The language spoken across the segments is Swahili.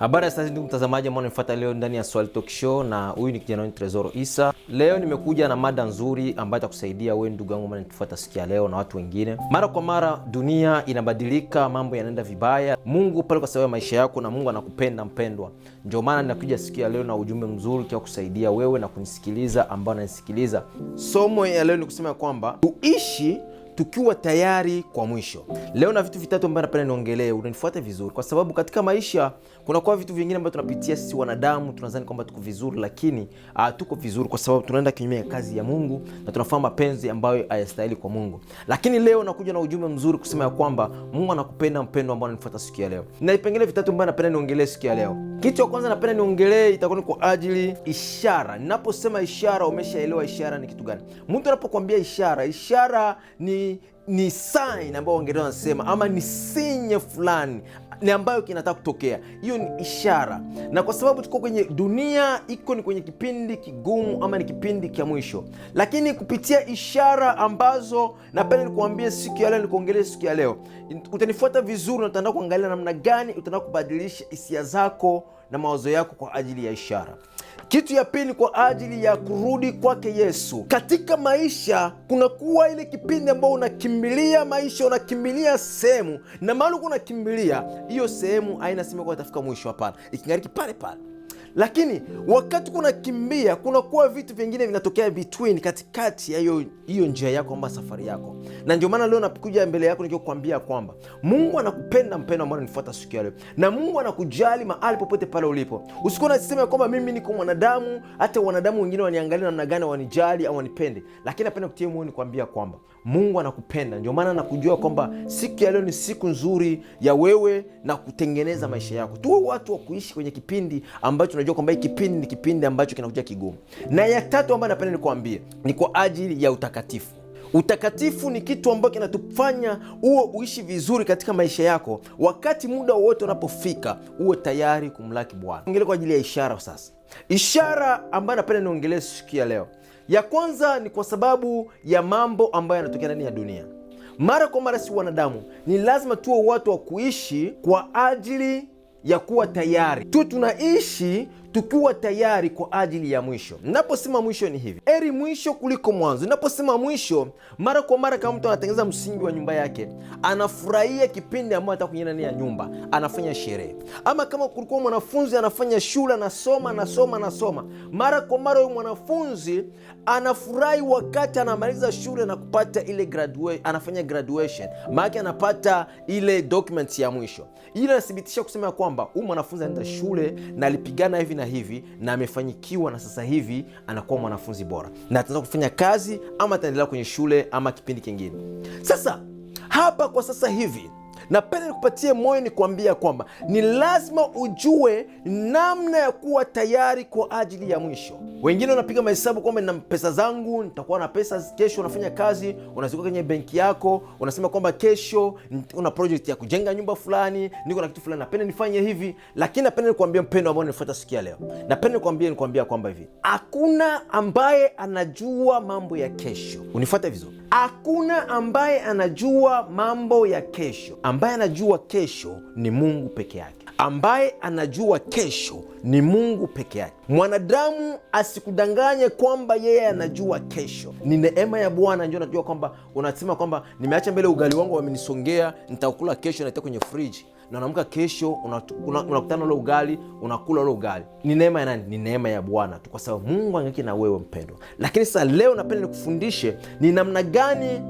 Habari ya sasa ndugu mtazamaji ambao nimefuata leo ndani ya Swali Talk Show, na huyu ni kijana wangu Tresor Issa. Leo nimekuja na mada nzuri ambayo itakusaidia wewe ndugu yangu ambaye unatufuata sikia leo na watu wengine. Mara kwa mara dunia inabadilika, mambo yanaenda vibaya. Mungu pale kwa sababu ya maisha yako, na Mungu anakupenda mpendwa. Ndio maana ninakuja siku leo na ujumbe mzuri kwa kusaidia wewe na kunisikiliza ambao unanisikiliza. Somo ya leo ni kusema kwamba uishi tukiwa tayari kwa mwisho. Leo na vitu vitatu ambavyo napenda niongelee, unanifuate vizuri, kwa sababu katika maisha kuna kwa vitu vingine ambavyo tunapitia sisi wanadamu, tunadhani kwamba tuko vizuri, lakini uh, tuko vizuri kwa sababu tunaenda kinyume ya kazi ya Mungu na tunafanya mapenzi ambayo hayastahili kwa Mungu. Lakini leo nakuja na ujumbe mzuri kusema ya kwamba Mungu anakupenda, mpendo ambao unanifuata siku ya leo, na vipengele vitatu ambavyo napenda niongelee siku ya leo. Kitu cha kwanza napenda niongelee itakuwa ni kwa ajili ishara. Ninaposema ishara, umeshaelewa ishara ni kitu gani? Mtu anapokuambia ishara, ishara ni ni, ni sign ambayo Waingereza wanasema ama ni sinye fulani ni ambayo kinataka kutokea. Hiyo ni ishara, na kwa sababu tuko kwenye dunia iko ni kwenye kipindi kigumu ama ni kipindi cha mwisho, lakini kupitia ishara ambazo napenda nikuambie siku ya leo, nikuongelee siku ya leo, utanifuata vizuri na utaenda kuangalia namna gani utaenda kubadilisha hisia zako na mawazo yako kwa ajili ya ishara. Kitu ya pili, kwa ajili ya kurudi kwake Yesu katika maisha, kunakuwa ile kipindi ambao unakimbilia maisha, unakimbilia sehemu na maalum, unakimbilia hiyo sehemu. aina sema kwa itafika mwisho, hapana, ikingariki pale pale lakini wakati kunakimbia, kunakuwa vitu vingine vinatokea between, katikati ya hiyo njia yako amba safari yako, na ndio maana leo nakuja mbele yako nikikwambia kwamba Mungu anakupenda mpendo ambao unanifuata siku ya leo, na Mungu anakujali mahali popote pale ulipo. Usikuwa nasema kwamba mimi niko mwanadamu, hata wanadamu wengine waniangalia namna gani, wanijali au wanipende, lakini napenda kutia moyo nikuambia kwamba Mungu anakupenda, ndio maana anakujua kwamba siku ya leo ni siku nzuri ya wewe na kutengeneza maisha yako. Tuwe watu wa kuishi kwenye kipindi ambacho unajua kwamba hii kipindi ni kipindi ambacho kinakuja kigumu. Na ya tatu ambayo napenda nikuambie ni kwa ajili ya utakatifu. Utakatifu ni kitu ambacho kinatufanya uwe uishi vizuri katika maisha yako. Wakati muda wowote unapofika, uwe tayari kumlaki Bwana. Ongele kwa ajili ya ishara sasa, ishara ambayo napenda niongelee siku ya leo ya kwanza ni kwa sababu ya mambo ambayo yanatokea ndani ya dunia. Mara kwa mara, si wanadamu, ni lazima tuwe watu wa kuishi kwa ajili ya kuwa tayari tu tunaishi tukiwa tayari kwa ajili ya mwisho. Naposema mwisho ni hivi, eri mwisho kuliko mwanzo. Naposema mwisho, mara kwa mara, kama mtu anatengeneza msingi wa nyumba yake, anafurahia kipindi ambayo ataka kuingia ndani ya nyumba, anafanya sherehe. Ama kama kulikuwa mwanafunzi anafanya shule, anasoma anasoma anasoma, mara kwa mara huyu mwanafunzi anafurahi wakati anamaliza shule na kupata ile graduation, anafanya graduation, maana anapata ile document ya mwisho. Ile inathibitisha kusema kwamba huyu mwanafunzi anaenda shule na alipigana hivi na hivi na amefanyikiwa na sasa hivi anakuwa mwanafunzi bora na ataanza kufanya kazi ama ataendelea kwenye shule ama kipindi kingine. Sasa hapa kwa sasa hivi Napenda nikupatie moyo ni kuambia kwamba ni lazima ujue namna ya kuwa tayari kwa ajili ya mwisho. Wengine wanapiga mahesabu kwamba nina pesa zangu, nitakuwa na pesa kesho. Unafanya kazi, unaziweka kwenye benki yako, unasema kwamba kesho una project ya kujenga nyumba fulani, niko na kitu fulani, napenda nifanye hivi. Lakini napenda nikuambia mpendo ambao nifuata siku ya leo, napenda nikuambia nikuambia kwamba hivi, hakuna ambaye anajua mambo ya kesho. Unifuate vizuri, hakuna ambaye anajua mambo ya kesho Am Ambaye anajua kesho ni Mungu peke yake. Ambaye anajua kesho ni Mungu peke yake. Mwanadamu asikudanganye kwamba yeye anajua kesho. Ni neema ya Bwana ndio anajua kwamba unasema kwamba nimeacha mbele ugali wangu wamenisongea, nitakula kesho, naita kwenye friji na unaamka kesho unakutana una, una ule ugali unakula ule ugali. Ni neema ya nani? Ni neema ya Bwana tu, kwa sababu Mungu angeki na wewe mpendwa. Lakini sasa leo napenda nikufundishe ni namna gani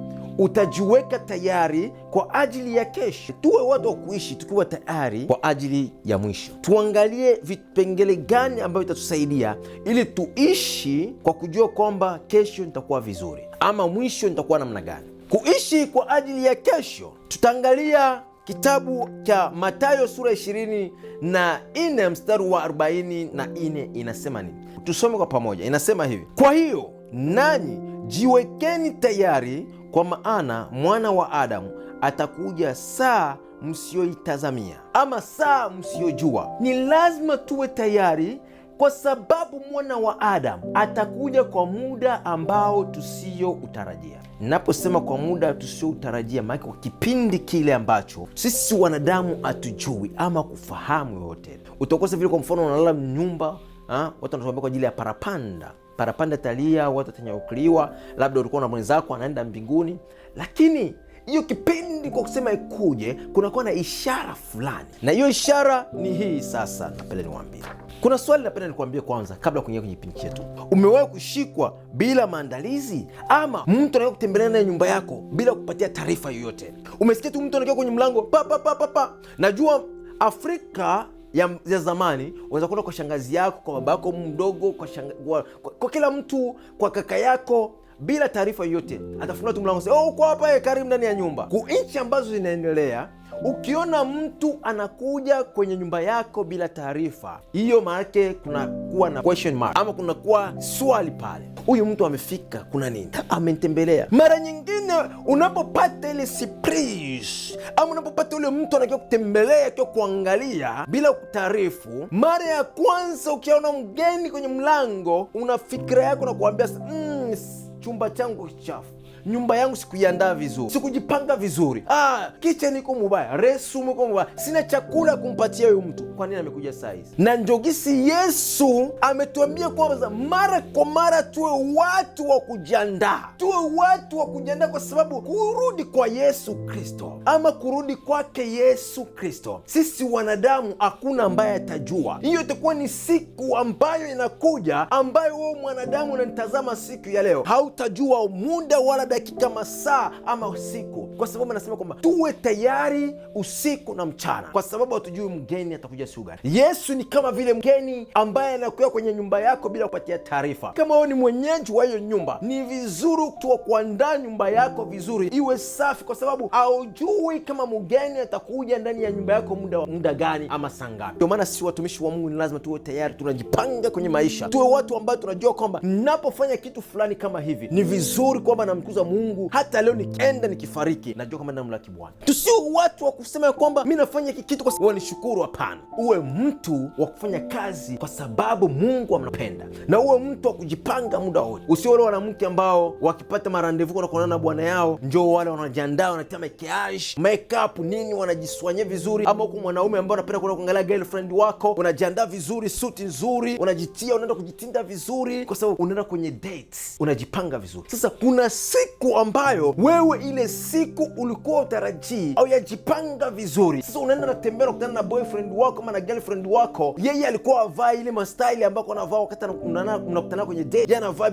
utajiweka tayari kwa ajili ya kesho. Tuwe watu wa kuishi tukiwa tayari kwa ajili ya mwisho. Tuangalie vipengele gani ambavyo vitatusaidia ili tuishi kwa kujua kwamba kesho nitakuwa vizuri ama mwisho nitakuwa namna gani. Kuishi kwa ajili ya kesho, tutaangalia kitabu cha Mathayo sura 20 na 4 mstari wa 40 na 4 inasema nini? Tusome kwa pamoja, inasema hivi: kwa hiyo nanyi jiwekeni tayari kwa maana mwana wa Adamu atakuja saa msiyoitazamia, ama saa msiyojua. Ni lazima tuwe tayari, kwa sababu mwana wa Adamu atakuja kwa muda ambao tusiyoutarajia. Naposema kwa muda tusioutarajia, maana kwa kipindi kile ambacho sisi wanadamu hatujui ama kufahamu yoyote. Utakosa vile, kwa mfano unalala nyumba, ah, watu wanatuambia kwa ajili ya parapanda parapanda talia, watu watanyaukuliwa, labda ulikuwa na mwenzako anaenda mbinguni. Lakini hiyo kipindi kwa kusema ikuje, kunakuwa na ishara fulani, na hiyo ishara ni hii sasa. Napenda niwaambie kuna swali napenda nikuambie kwanza, kabla kuingia kwenye kipindi chetu. Umewahi kushikwa bila maandalizi, ama mtu anaweza kutembelea naye nyumba yako bila kupatia taarifa yoyote? Umesikia tu mtu anakiwa kwenye mlango pa pa pa pa pa. Najua Afrika ya, ya zamani unaweza kwenda kwa shangazi yako, kwa baba yako mdogo, kwa, kwa, kwa, kwa kila mtu, kwa kaka yako bila taarifa yoyote, atafungua tu mlango, oh, uko hapa eh, karibu ndani ya nyumba. Ku nchi ambazo zinaendelea, ukiona mtu anakuja kwenye nyumba yako bila taarifa hiyo, maanake kunakuwa na question mark ama kunakuwa swali pale, huyu mtu amefika, kuna nini? Amenitembelea. Mara nyingine unapopata ile surprise ama unapopata ule mtu anakiwa kutembelea akiwa kuangalia bila kutaarifu, mara ya kwanza ukiona mgeni kwenye mlango, una fikira yako na kuambia mm, chumba changu kichafu nyumba yangu sikuiandaa vizuri, sikujipanga vizuri, ah, kitchen iko mubaya, resumu iko mubaya, sina chakula kumpatia huyu mtu. Kwa nini amekuja saa hizi? Na njogisi Yesu ametuambia kwamba mara kwa mara tuwe watu wa kujiandaa, tuwe watu wa kujiandaa, kwa sababu kurudi kwa Yesu Kristo ama kurudi kwake Yesu Kristo, sisi wanadamu hakuna ambaye atajua. Hiyo itakuwa ni siku ambayo inakuja, ambayo wewe mwanadamu unanitazama siku ya leo, hautajua muda wala dakika, masaa ama usiku, kwa sababu anasema kwamba tuwe tayari usiku na mchana, kwa sababu hatujui mgeni atakuja siku gani. Yesu ni kama vile mgeni ambaye anakuja kwenye nyumba yako bila kupatia taarifa. Kama wewe ni mwenyeji wa hiyo nyumba, ni vizuri tu kuandaa nyumba yako vizuri, iwe safi, kwa sababu haujui kama mgeni atakuja ndani ya nyumba yako muda, muda gani ama saa ngapi. Ndio maana sisi watumishi wa Mungu ni lazima tuwe tayari, tunajipanga kwenye maisha, tuwe watu ambao tunajua kwamba napofanya kitu fulani kama hivi, ni vizuri kwamba namkuza Mungu hata leo nikienda nikifariki yake, najua kama namlaki Bwana. Tusio watu wa kusema ya kwamba mi nafanya kitu kwa sababu nishukuru. Hapana, uwe mtu wa kufanya kazi kwa sababu Mungu amnapenda, na uwe mtu wa kujipanga muda wote. Usio wale wanamke ambao wakipata marandevu na kuonana na bwana yao, njoo wale wanajiandaa, wanatia makeash makeup nini, wanajiswanyia vizuri, ama huku mwanaume ambao anapenda kuenda kuangalia girlfriend wako, unajiandaa vizuri, suti nzuri, unajitia, unaenda kujitinda vizuri, kwa sababu unaenda kwenye dates, unajipanga vizuri. Sasa kuna siku ambayo wewe ile siku siku ulikuwa utarajii au yajipanga vizuri. Sasa unaenda tembea kutana na boyfriend wako ama na girlfriend wako, yeye alikuwa avaa ile mastaili ambako anavaa wakati mnakutana kwenye date, yeye anavaa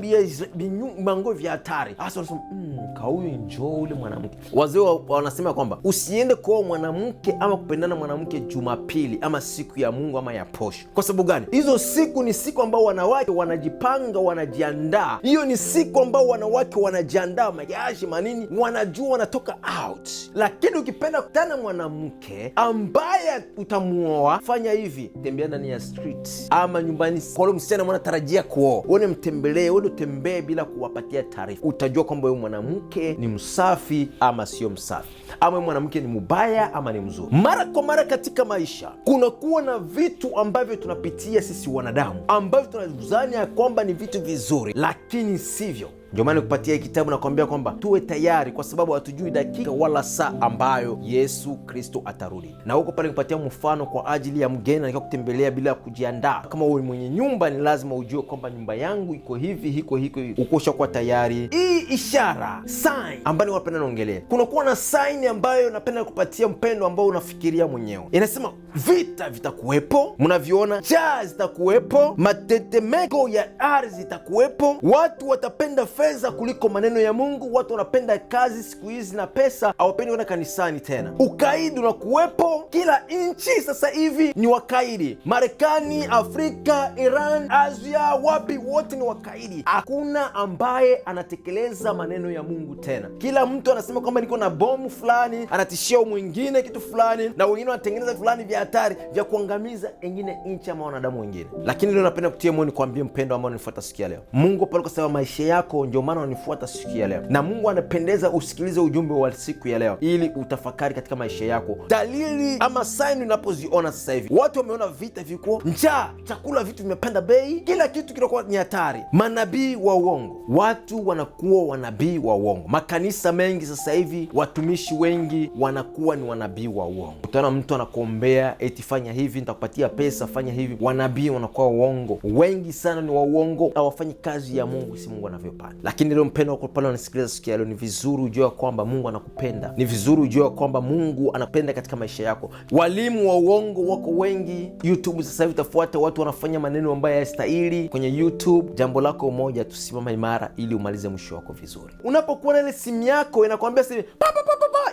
mango vya hatari. Sasa unasema hmm, kauyu njoo ule mwanamke. Wazee wanasema kwamba usiende kuoa mwanamke ama kupendana mwanamke Jumapili ama siku ya Mungu ama ya posho. Kwa sababu gani? Hizo siku ni siku ambao wanawake wanajipanga, wanajiandaa. Hiyo ni siku ambao wanawake wanajiandaa, mayashi manini, wanajua wanatoka out. Lakini ukipenda kutana mwanamke ambaye utamuoa, fanya hivi: tembea ndani ya street ama nyumbani kwa ule msichana mwanatarajia kuoa, uone, mtembelee, uende utembee bila kuwapatia taarifa. Utajua kwamba huyu mwanamke ni msafi ama sio msafi, ama mwanamke ni mubaya ama ni mzuri. Mara kwa mara katika maisha kunakuwa na vitu ambavyo tunapitia sisi wanadamu ambavyo tunadhani ya kwamba ni vitu vizuri, lakini sivyo. Ndio maana nikupatia hii kitabu na kuambia kwamba tuwe tayari, kwa sababu hatujui dakika wala saa ambayo Yesu Kristo atarudi. Na huko pale nikupatia mfano kwa ajili ya mgeni anataka kutembelea bila kujiandaa. Kama wewe mwenye nyumba, ni lazima ujue kwamba nyumba yangu iko hivi, hiko hiko, ukosha kuwa tayari. Hii ishara sign ambayo napenda naongelea, kunakuwa na sign ambayo napenda kupatia mpendo, ambao unafikiria mwenyewe, inasema vita vitakuwepo, mnavyoona, njaa zitakuwepo, matetemeko ya ardhi itakuwepo, watu watapenda fedha kuliko maneno ya Mungu. Watu wanapenda kazi siku hizi na pesa, hawapendi kwenda kanisani tena. Ukaidi unakuwepo kila nchi sasa hivi ni wakaidi, Marekani, Afrika, Iran, Asia, wapi, wote ni wakaidi. Hakuna ambaye anatekeleza maneno ya Mungu tena. Kila mtu anasema kwamba niko na bomu fulani, anatishia mwingine kitu fulani, na wengine wanatengeneza fulani vya hatari vya kuangamiza engine nchi ama wanadamu wengine. Lakini leo napenda kutia moyo, kuambia mpendo ambao nifuata sikia leo, Mungu pale sababu maisha yako ndio maana unanifuata siku ya leo, na Mungu anapendeza usikilize ujumbe wa siku ya leo ili utafakari katika maisha yako. Dalili ama saini unapoziona sasa hivi, watu wameona vita viko, njaa, chakula, vitu vimepanda bei, kila kitu kinakuwa ni hatari. Manabii wa uongo, watu wanakuwa wanabii wa uongo. Makanisa mengi sasa hivi, watumishi wengi wanakuwa ni wanabii wa uongo. Utaona mtu anakuombea eti fanya hivi, nitakupatia pesa, fanya hivi. Wanabii wanakuwa uongo, wengi sana ni wa uongo, hawafanyi kazi ya Mungu si Mungu anavyopanda lakini leo mpendo wako pale unasikiliza siku ya leo, ni vizuri ujue kwamba Mungu anakupenda, ni vizuri ujue kwamba Mungu anapenda katika maisha yako. Walimu wa uongo wako wengi YouTube sasa hivi, utafuata watu wanafanya maneno ambayo hayastahili kwenye YouTube. Jambo lako moja, tusimama imara ili umalize mwisho wako vizuri. Unapokuwa na ile simu yako inakwambia simu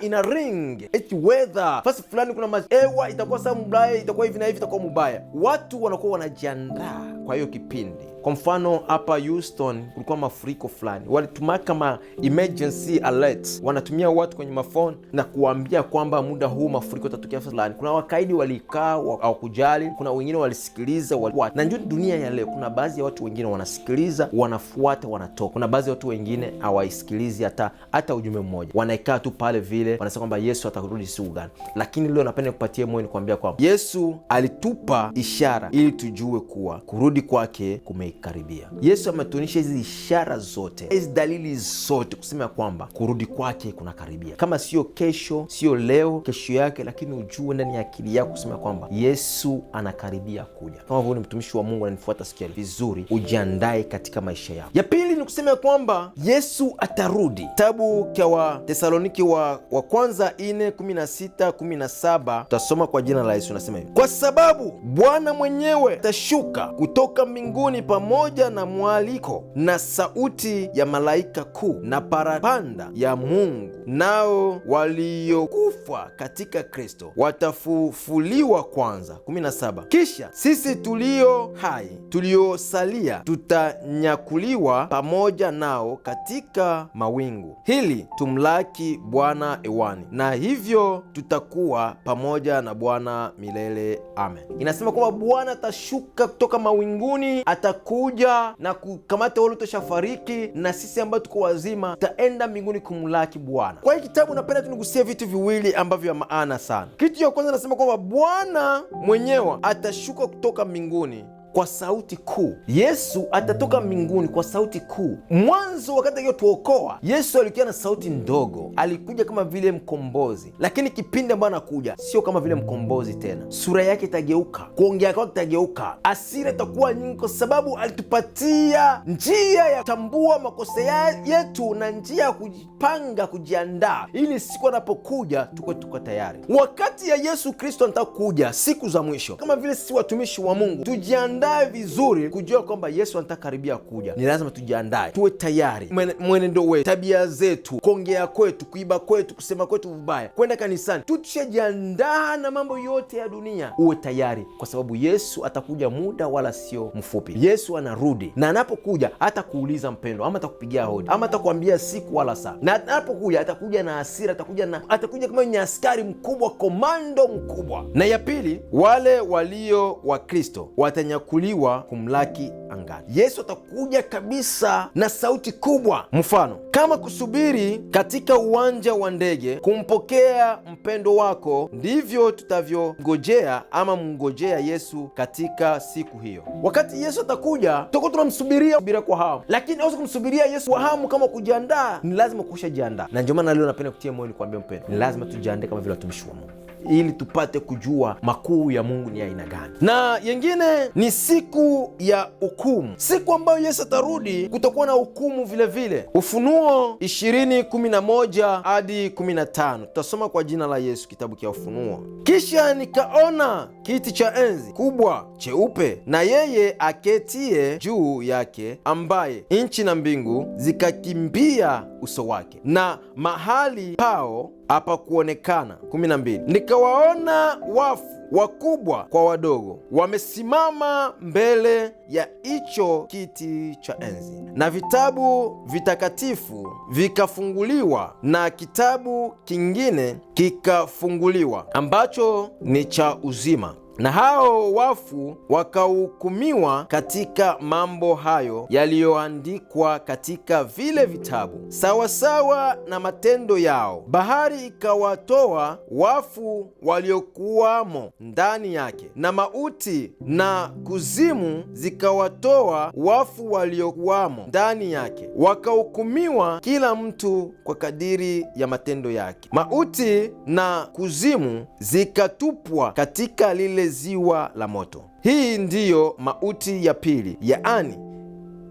ina ring eti weather fasi fulani kuna maewa itakuwa saa mbaya, itakuwa hivi na hivi, itakuwa mubaya, watu wanakuwa wanajiandaa kwa hiyo kipindi kwa mfano hapa Houston kulikuwa mafuriko fulani, walitumia kama emergency alert, wanatumia watu kwenye mafoni na kuwaambia kwamba muda huu mafuriko tatokea fulani. Kuna wakaidi walikaa hawakujali, kuna wengine walisikiliza walifuata. Na njoo dunia ya leo, kuna baadhi ya watu wengine wanasikiliza, wanafuata, wanatoka. Kuna baadhi ya watu wengine hawaisikilizi hata hata ujumbe mmoja, wanaikaa tu pale vile, wanasema kwamba Yesu atarudi siku gani. Lakini leo napenda kupatia moyo ni kuambia kwamba Yesu alitupa ishara ili tujue kuwa kurudi kwake kume imekaribia. Yesu ametuonyesha hizi ishara zote, hizi dalili zote, kusema kwamba kurudi kwake kuna karibia. Kama sio kesho, sio leo, kesho yake, lakini ujue ndani ya akili yako kusema kwamba Yesu anakaribia kuja. Kama vile ni mtumishi wa Mungu ananifuata sikia vizuri, ujiandae katika maisha yako. Ya pili ni kusema kwamba Yesu atarudi. Kitabu cha Wathesaloniki wa, wa kwanza 4 17 tutasoma kwa jina la Yesu, nasema hivi: kwa sababu Bwana mwenyewe atashuka kutoka mbinguni pamoja pamoja na mwaliko na sauti ya malaika kuu na parapanda ya Mungu, nao waliokufa katika Kristo watafufuliwa kwanza. 17 Kisha sisi tulio hai tuliosalia tutanyakuliwa pamoja nao katika mawingu, hili tumlaki Bwana ewani, na hivyo tutakuwa pamoja na Bwana milele. Amen. Inasema kwamba Bwana atashuka kutoka mawinguni, atakuwa kuja na kukamata wale utoshafariki na sisi ambao tuko wazima tutaenda mbinguni kumlaki Bwana. Kwa hiyo kitabu napenda tunigusie vitu viwili ambavyo vya maana sana. Kitu cha kwanza nasema kwamba Bwana mwenyewe atashuka kutoka mbinguni kwa sauti kuu. Yesu atatoka mbinguni kwa sauti kuu. Mwanzo wakati aliyotuokoa Yesu alikuwa na sauti ndogo, alikuja kama vile mkombozi, lakini kipindi ambayo anakuja sio kama vile mkombozi tena. Sura yake itageuka, kuongea kwake itageuka, asira itakuwa nyingi, kwa sababu alitupatia njia ya kutambua makosa yetu na njia ya kujipanga, kujiandaa, ili siku anapokuja tuko tuko tayari. Wakati ya Yesu Kristo anataka kuja siku za mwisho, kama vile si watumishi wa Mungu tujiandaa tujiandae vizuri kujua kwamba Yesu anataka karibia kuja. Ni lazima tujiandae, tuwe tayari, mwenendo wetu, tabia zetu, kuongea kwetu, kuiba kwetu, kusema kwetu vibaya, kwenda kanisani. Tutushajiandaa na mambo yote ya dunia. Uwe tayari, kwa sababu Yesu atakuja muda wala sio mfupi. Yesu anarudi, na anapokuja hatakuuliza mpendo, ama atakupigia hodi, ama atakuambia siku wala saa. Na anapokuja atakuja na hasira, atakuja na atakuja kama ni askari mkubwa, komando mkubwa. Na ya pili, wale walio Kristo watanya kuchukuliwa kumlaki angani. Yesu atakuja kabisa na sauti kubwa, mfano kama kusubiri katika uwanja wa ndege kumpokea mpendo wako, ndivyo tutavyongojea ama mngojea Yesu katika siku hiyo. Wakati Yesu atakuja, tutakuwa tunamsubiria bila kwa hamu, lakini aweza kumsubiria Yesu kwa hamu kama kujiandaa, ni lazima jiandaa, Na ndio maana leo napenda kutia moyo ni kuambia mpendo, ni lazima tujiandae kama vile watumishi wa Mungu ili tupate kujua makuu ya Mungu ni aina gani. Na yengine ni siku ya hukumu, siku ambayo Yesu atarudi, kutakuwa na hukumu vilevile. Ufunuo 20:11 hadi 15, tutasoma kwa jina la Yesu, kitabu cha Ufunuo. Kisha nikaona kiti cha enzi kubwa cheupe na yeye aketie juu yake, ambaye nchi na mbingu zikakimbia uso wake, na mahali pao hapakuonekana. 12 Nikawaona wafu wakubwa kwa wadogo wamesimama mbele ya hicho kiti cha enzi, na vitabu vitakatifu vikafunguliwa, na kitabu kingine kikafunguliwa ambacho ni cha uzima na hao wafu wakahukumiwa katika mambo hayo yaliyoandikwa katika vile vitabu sawasawa na matendo yao. Bahari ikawatoa wafu waliokuwamo ndani yake, na mauti na kuzimu zikawatoa wafu waliokuwamo ndani yake, wakahukumiwa kila mtu kwa kadiri ya matendo yake. Mauti na kuzimu zikatupwa katika lile lile ziwa la moto. Hii ndiyo mauti ya pili, yaani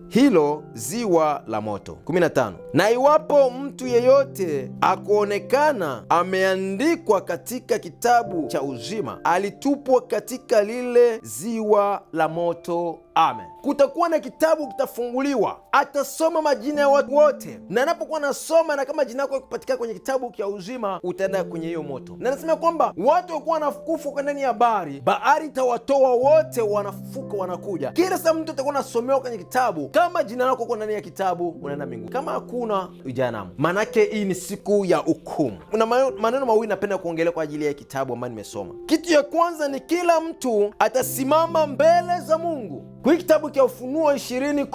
hilo ziwa la moto. 15 Na iwapo mtu yeyote akuonekana ameandikwa katika kitabu cha uzima, alitupwa katika lile ziwa la moto Amen. Kutakuwa na kitabu kitafunguliwa, atasoma majina ya watu wote, na anapokuwa anasoma, na kama jina lako kupatikana kwenye kitabu cha uzima, utaenda kwenye hiyo moto. Na nasema kwamba watu wakuwa kwa ndani ya bahari, bahari itawatoa wote, wanafuka wanakuja. Kila saa mtu atakuwa anasomewa kwenye kitabu. Kama jina lako kwa ndani ya kitabu, unaenda mbinguni, kama hakuna, jehanamu. Maanake hii ni siku ya hukumu. Kuna maneno mawili napenda kuongelea kwa ajili ya kitabu ambayo nimesoma. Kitu ya kwanza ni kila mtu atasimama mbele za Mungu. Kwa kitabu cha Ufunuo 2011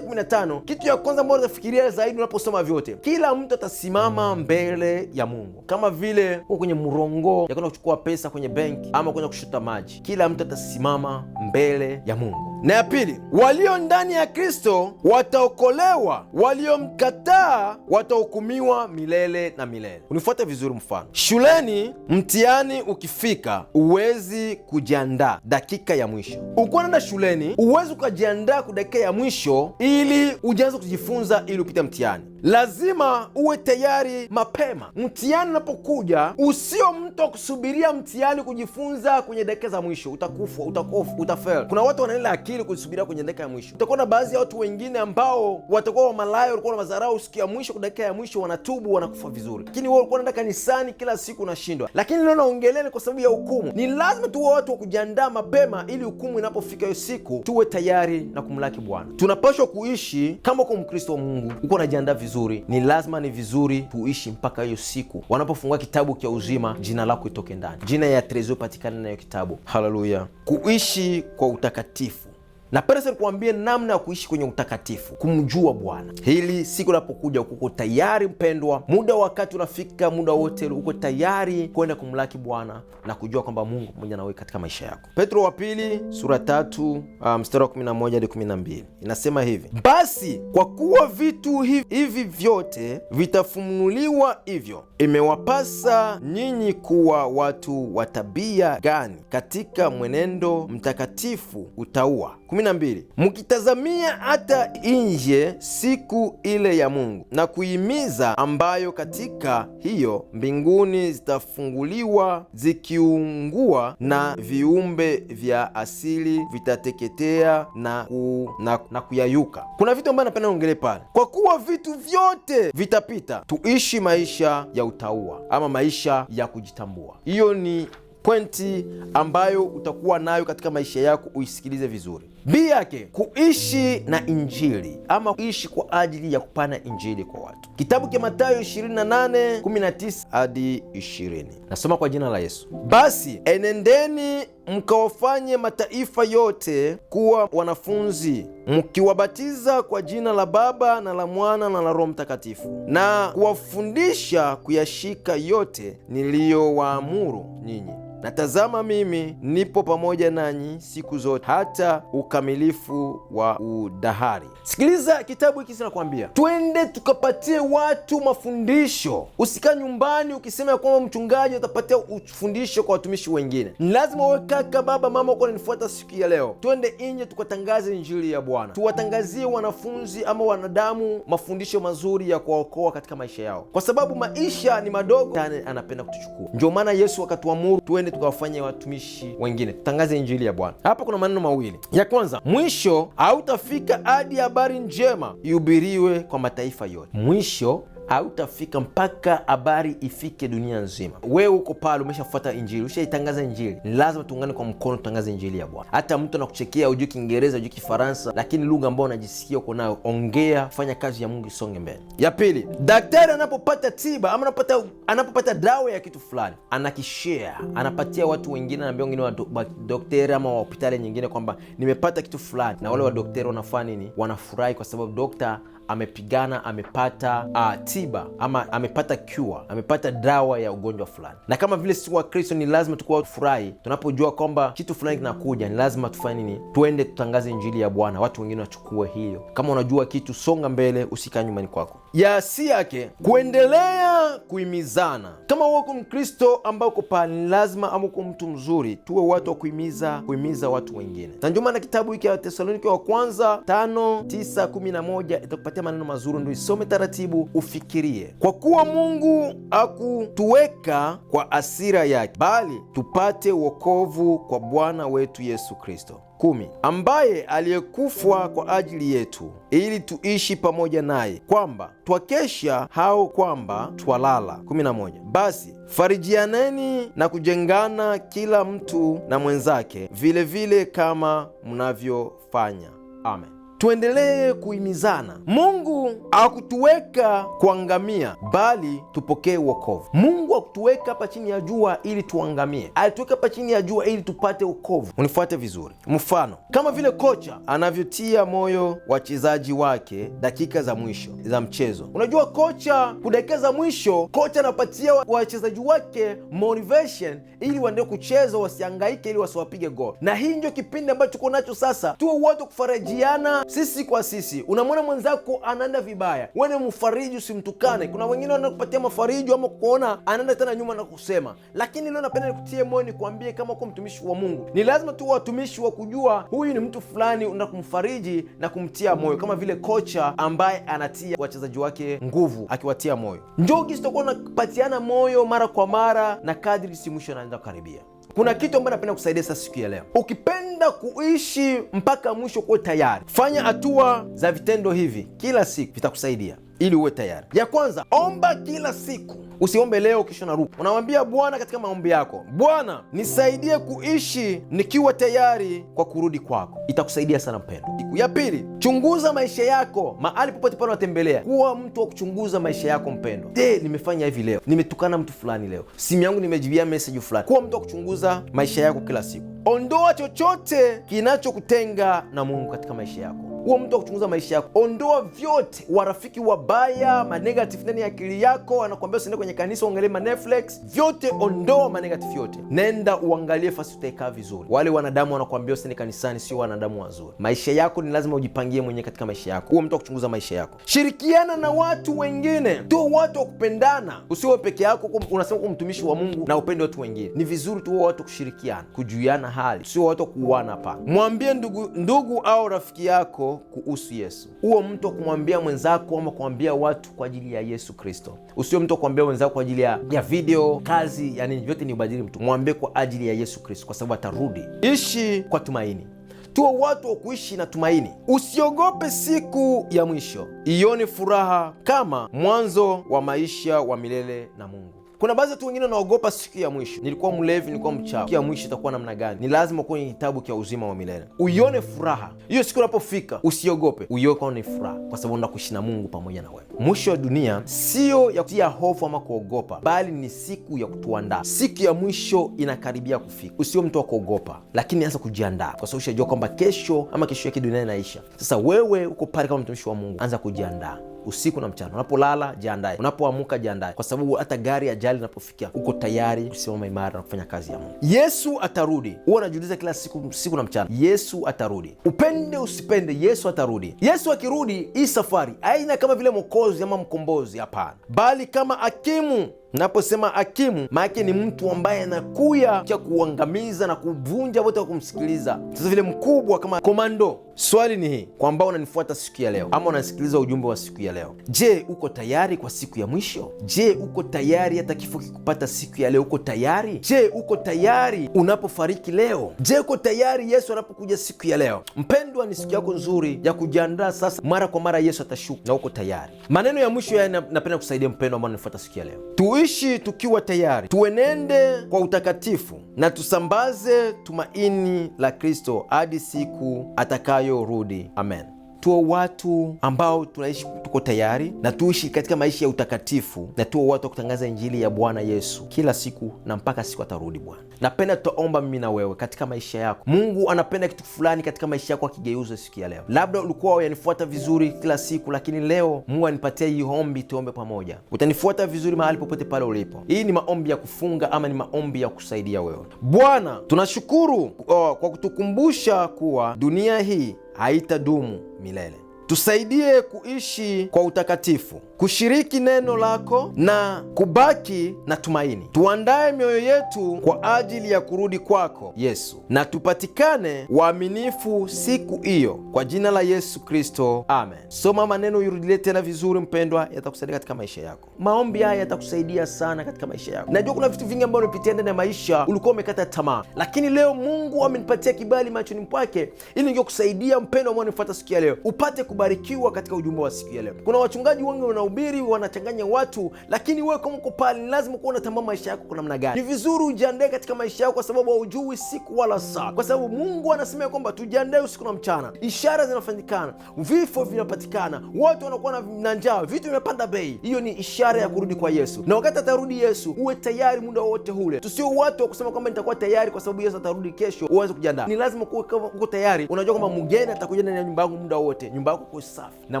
15, kitu ya kwanza ambacho utafikiria zaidi unaposoma vyote, kila mtu atasimama mbele ya Mungu, kama vile uko kwenye mrongo ya kwenda kuchukua pesa kwenye benki ama kwenda kushota maji. Kila mtu atasimama mbele ya Mungu. Na ya pili, walio ndani ya Kristo wataokolewa, waliomkataa watahukumiwa milele na milele. Unifuate vizuri. Mfano shuleni, mtihani ukifika, uwezi kujiandaa dakika ya mwisho. ukuwa naenda shuleni, uwezi ukajiandaa kwa dakika ya mwisho ili ujaanze kujifunza ili upite mtihani lazima uwe tayari mapema. Mtihani unapokuja, usio mtu wa kusubiria mtihani kujifunza kwenye dakika za mwisho. Utakufa, utakofu, utafel. Kuna watu wanaenda akili kusubiria kwenye dakika ya mwisho. Utakuwa na baadhi ya watu wengine ambao watakuwa wamalaya, walikuwa na madharau siku ya mwisho, dakika ya mwisho wanatubu, wanakufa vizuri, lakini wewe ulikuwa unaenda kanisani kila siku unashindwa. Lakini leo naongelea kwa sababu ya hukumu. Ni lazima tuwe watu wa kujiandaa mapema, ili hukumu inapofika hiyo siku tuwe tayari na kumlaki Bwana. Tunapaswa kuishi kama uko Mkristo wa Mungu, uko unajiandaa vizuri vizuri, ni lazima ni vizuri tuishi mpaka hiyo siku wanapofungua kitabu cha uzima, jina lako itoke ndani, jina ya Trezo patikana nayo kitabu. Haleluya, kuishi kwa utakatifu na Peresa kuambia namna ya kuishi kwenye utakatifu, kumjua Bwana. Hili siku linapokuja uko tayari mpendwa, muda wakati unafika, muda wote uko tayari kwenda kumlaki Bwana na kujua kwamba Mungu pamoja nawe katika maisha yako. Petro wa pili sura tatu uh, mstari wa 11 hadi inasema hivi: basi kwa kuwa vitu hivi, hivi vyote vitafunuliwa, hivyo imewapasa nyinyi kuwa watu wa tabia gani katika mwenendo mtakatifu, utaua 12 mkitazamia hata nje siku ile ya Mungu na kuimiza ambayo katika hiyo mbinguni zitafunguliwa zikiungua, na viumbe vya asili vitateketea na, ku, na, na kuyayuka. Kuna vitu ambayo napenda niongelee pale, kwa kuwa vitu vyote vitapita, tuishi maisha ya utaua ama maisha ya kujitambua. Hiyo ni pointi ambayo utakuwa nayo katika maisha yako, uisikilize vizuri. Bii yake kuishi na Injili ama kuishi kwa ajili ya kupana Injili kwa watu. Kitabu cha Mathayo 28 19 hadi 20, nasoma kwa jina la Yesu: basi enendeni mkawafanye mataifa yote kuwa wanafunzi, mkiwabatiza kwa jina la Baba na la Mwana na la Roho Mtakatifu, na kuwafundisha kuyashika yote niliyowaamuru ninyi na tazama, mimi nipo pamoja nanyi siku zote hata ukamilifu wa udahari. Sikiliza kitabu hiki sinakwambia twende tukapatie watu mafundisho. Usikaa nyumbani ukisema ya kwamba mchungaji atapatia ufundisho kwa watumishi wengine. Ni lazima wewe kaka, baba, mama uko nanifuata siku ya leo, twende nje tukatangaze injili ya Bwana, tuwatangazie wanafunzi ama wanadamu mafundisho mazuri ya kuwaokoa katika maisha yao, kwa sababu maisha ni madogo, anapenda kutuchukua. Ndio maana Yesu akatuamuru twende tukawafanye watumishi wengine, tutangaze injili ya Bwana. Hapa kuna maneno mawili, ya kwanza, mwisho hautafika hadi habari njema ihubiriwe kwa mataifa yote. Mwisho hautafika mpaka habari ifike dunia nzima. Wewe uko pale, umeshafuata Injili, ushaitangaza Injili, ni lazima tuungane kwa mkono, tutangaze Injili ya Bwana. Hata mtu anakuchekea, ujui Kiingereza, ujui Kifaransa, lakini lugha ambayo unajisikia uko nayo, ongea, fanya kazi ya Mungu, isonge mbele. Ya pili, daktari anapopata tiba ama anapopata, anapopata dawa ya kitu fulani, anakishea, anapatia watu wengine, anaambia wengine wadokteri ama wahopitali nyingine kwamba nimepata kitu fulani, na wale wadokteri wanafanya nini? Wanafurahi kwa sababu dokta amepigana, amepata uh, tiba ama amepata cure, amepata dawa ya ugonjwa fulani. Na kama vile sisi Wakristo ni lazima tukuwa furahi tunapojua kwamba kitu fulani kinakuja, ni lazima tufanye nini? Tuende tutangaze njili ya Bwana, watu wengine wachukue hiyo. Kama unajua kitu, songa mbele, usikaa nyumbani kwako ya si yake kuendelea kuimizana Kama uko Mkristo ambao pale ni lazima ama uko mtu mzuri, tuwe watu wa kuimiza kuimiza watu wengine, na ndio maana kitabu hiki cha Tesalonike wa kwanza 5:9-11 itakupatia maneno mazuri, ndio isome taratibu, ufikirie, kwa kuwa Mungu hakutuweka kwa asira yake, bali tupate wokovu kwa Bwana wetu Yesu Kristo kumi, ambaye aliyekufa kwa ajili yetu ili tuishi pamoja naye, kwamba twakesha hao kwamba twalala. kumi na moja. Basi farijianeni na kujengana kila mtu na mwenzake vilevile vile kama mnavyofanya. Amen tuendelee kuhimizana. Mungu hakutuweka kuangamia, bali tupokee wokovu. Mungu hakutuweka hapa chini ya jua ili tuangamie, alituweka hapa chini ya jua ili tupate wokovu. Unifuate vizuri. Mfano kama vile kocha anavyotia moyo wachezaji wake dakika za mwisho za mchezo. Unajua kocha kudakika za mwisho, kocha anapatia wachezaji wake motivation ili waendelee kucheza, wasiangaike, ili wasiwapige gol. Na hii ndio kipindi ambacho tuko nacho sasa, tuwe wote kufarajiana sisi kwa sisi. Unamwona mwenzako anaenda vibaya, wene mfariji, usimtukane. Kuna wengine wanakupatia mafariji ama kuona anaenda tena nyuma na kusema. Lakini leo napenda nikutie moyo, kuambie kama uko mtumishi wa Mungu, ni lazima tu watumishi wa kujua huyu ni mtu fulani, unaenda kumfariji na kumtia moyo, kama vile kocha ambaye anatia wachezaji wake nguvu, akiwatia moyo. Njoo gisi unapatiana moyo mara kwa mara, na kadri si mwisho anaenda kukaribia. Kuna kitu ambacho napenda kusaidia sasa siku ya leo. Ukipenda kuishi mpaka mwisho, kuwe tayari, fanya hatua za vitendo hivi kila siku, vitakusaidia ili uwe tayari. Ya kwanza, omba kila siku. Usiombe leo kisha naruka. Unamwambia Bwana katika maombi yako, Bwana nisaidie kuishi nikiwa tayari kwa kurudi kwako. Itakusaidia sana mpendo. Ya pili, chunguza maisha yako mahali popote pale unatembelea. Kuwa mtu wa kuchunguza maisha yako mpendo. Je, nimefanya hivi leo? Nimetukana mtu fulani leo, simu yangu nimejibia meseji fulani. Kuwa mtu wa kuchunguza maisha yako kila siku. Ondoa chochote kinachokutenga na Mungu katika maisha yako huo mtu akuchunguza maisha yako. Ondoa vyote, warafiki wabaya, manegative ndani ya akili yako, anakuambia usiende kwenye kanisa uangalie manetflix, vyote ondoa manegative yote, nenda uangalie fasi utaekaa vizuri. Wale wanadamu wanakuambia usiende kanisani sio wanadamu wazuri. Maisha yako ni lazima ujipangie mwenyewe katika maisha yako. Huo mtu akuchunguza maisha yako, shirikiana na watu wengine, tu watu wa kupendana, usiwe peke yako. Unasema kuwa mtumishi wa Mungu na upende watu wengine, ni vizuri tu watu kushirikiana, kujuiana hali, sio watu kuuana. Pa mwambie ndugu, ndugu au rafiki yako kuhusu Yesu. Huo mtu wa kumwambia mwenzako ama kuambia watu kwa ajili ya Yesu Kristo. Usio mtu wa kuambia mwenzako kwa ajili ya, ya video, kazi, yani vyote ni ubadili mtu. Mwambie kwa ajili ya Yesu Kristo kwa sababu atarudi. Ishi kwa tumaini. Tuwe watu wa kuishi na tumaini. Usiogope siku ya mwisho, ione furaha kama mwanzo wa maisha wa milele na Mungu. Kuna baadhi ya watu wengine wanaogopa siku ya mwisho. Nilikuwa mlevi, nilikuwa mchawi, siku ya mwisho itakuwa namna gani? Ni lazima kuwa kwenye kitabu cha uzima wa milele, uione furaha hiyo siku. Unapofika usiogope, uione furaha, kwa sababu kuishi na Mungu pamoja na wewe. Mwisho wa dunia sio ya kutia hofu ama kuogopa, bali ni siku ya kutuandaa. Siku ya mwisho inakaribia kufika, usio mtu wa kuogopa, lakini anza kujiandaa, kwa sababu ushajua kwamba kesho ama kesho yake dunia inaisha. Sasa wewe uko pale kama mtumishi wa Mungu, anza kujiandaa usiku na mchana. Unapolala jiandae, unapoamka jiandae, kwa sababu hata gari ajali inapofikia uko tayari kusimama imara na kufanya kazi ya Mungu. Yesu atarudi. Huwa anajiuliza kila siku, siku na mchana, Yesu atarudi. Upende usipende, Yesu atarudi. Yesu akirudi, hii safari aina kama vile mwokozi ama mkombozi, hapana, bali kama akimu Naposema hakimu, maake ni mtu ambaye anakuya cha kuangamiza na kuvunja wote wa kumsikiliza. Sasa vile mkubwa kama komando. Swali ni hii, kwa ambao unanifuata siku ya leo ama unasikiliza ujumbe wa siku ya leo, je, uko tayari kwa siku ya mwisho? Je, uko tayari hata kifo kikupata siku ya leo? Uko tayari? Je, uko tayari unapofariki leo? Je, uko tayari Yesu anapokuja siku ya leo? Mpendwa, ni siku yako nzuri ya kujiandaa sasa. Mara kwa mara Yesu atashuka na uko tayari. Maneno ya mwisho ya napenda kusaidia mpendwa ambao unanifuata siku ya leo Tui Tuishi tukiwa tayari, tuenende kwa utakatifu na tusambaze tumaini la Kristo hadi siku atakayorudi. Amen tuwe watu ambao tunaishi tuko tayari na tuishi katika maisha ya utakatifu, na tuwe watu wa kutangaza injili ya Bwana Yesu kila siku na mpaka siku atarudi Bwana. Napenda tutaomba mimi na wewe katika maisha yako. Mungu anapenda kitu fulani katika maisha yako, akigeuza siku ya leo. Labda ulikuwa uyanifuata vizuri kila siku, lakini leo Mungu anipatia hii ombi, tuombe pamoja. Utanifuata vizuri mahali popote pale ulipo. Hii ni maombi ya kufunga ama ni maombi ya kusaidia wewe. Bwana, tunashukuru uh, kwa kutukumbusha kuwa dunia hii haitadumu milele. Tusaidie kuishi kwa utakatifu, kushiriki neno lako na kubaki na tumaini. Tuandae mioyo yetu kwa ajili ya kurudi kwako Yesu, na tupatikane waaminifu siku hiyo, kwa jina la Yesu Kristo, amen. Soma maneno, irudie tena vizuri, mpendwa, yatakusaidia katika maisha yako. Maombi haya yatakusaidia sana katika maisha yako. Najua kuna vitu vingi ambavyo unapitia ndani ya maisha, ulikuwa umekata tamaa, lakini leo Mungu amenipatia kibali machoni pake ili ningekusaidia mpendwa, ambao siku ya leo upate kubali kubarikiwa katika ujumbe wa siku ya leo. Kuna wachungaji wengi wanahubiri, wanachanganya watu, lakini wewe kama uko pale, lazima kuwa unatambua maisha yako kwa namna gani. Ni vizuri ujiandae katika maisha yako, kwa sababu haujui siku wala saa, kwa sababu Mungu anasema kwamba tujiandae usiku na mchana. Ishara zinafanyikana, vifo vinapatikana, watu wanakuwa na njaa, vitu vimepanda bei. Hiyo ni ishara ya kurudi kwa Yesu, na wakati atarudi Yesu, uwe tayari muda wowote ule. Tusio watu wa kusema kwamba nitakuwa tayari kwa sababu Yesu atarudi kesho. Uanze kujiandaa, ni lazima kuwa uko tayari. Unajua kwamba mgeni atakuja ndani ya nyumba yangu muda wote, nyumba yako uwe safi na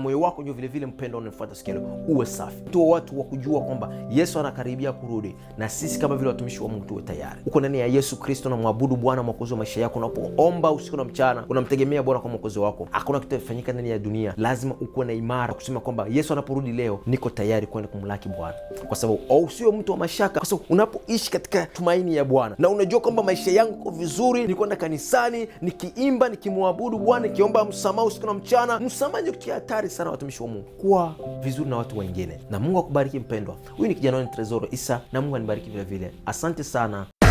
moyo wako vile vilevile, mpendo unanifuata sikio, uwe safi, tuwe watu wa kujua kwamba Yesu anakaribia kurudi, na sisi kama vile watumishi wa Mungu tuwe tayari. Uko ndani ya Yesu Kristo, namwabudu Bwana mwokozi wa maisha yako, unapoomba usiku na mchana, unamtegemea Bwana kwa mwokozi wako. Hakuna kitu kifanyika ndani ya dunia, lazima ukuwe na imara kusema kwamba Yesu anaporudi leo, niko tayari kwenda kumlaki Bwana, kwa sababu usiwe mtu wa mashaka, kwa sababu unapoishi katika tumaini ya Bwana na unajua kwamba maisha yangu iko vizuri, nikwenda kanisani, nikiimba, nikimwabudu Bwana, nikiomba msamaha usiku na mchana msama Ukitamani kutia hatari sana watumishi wa Mungu, kuwa vizuri na watu wengine, na Mungu akubariki mpendwa. Huyu ni kijana Tresoro Isa, na Mungu anibariki vile vile. Asante sana.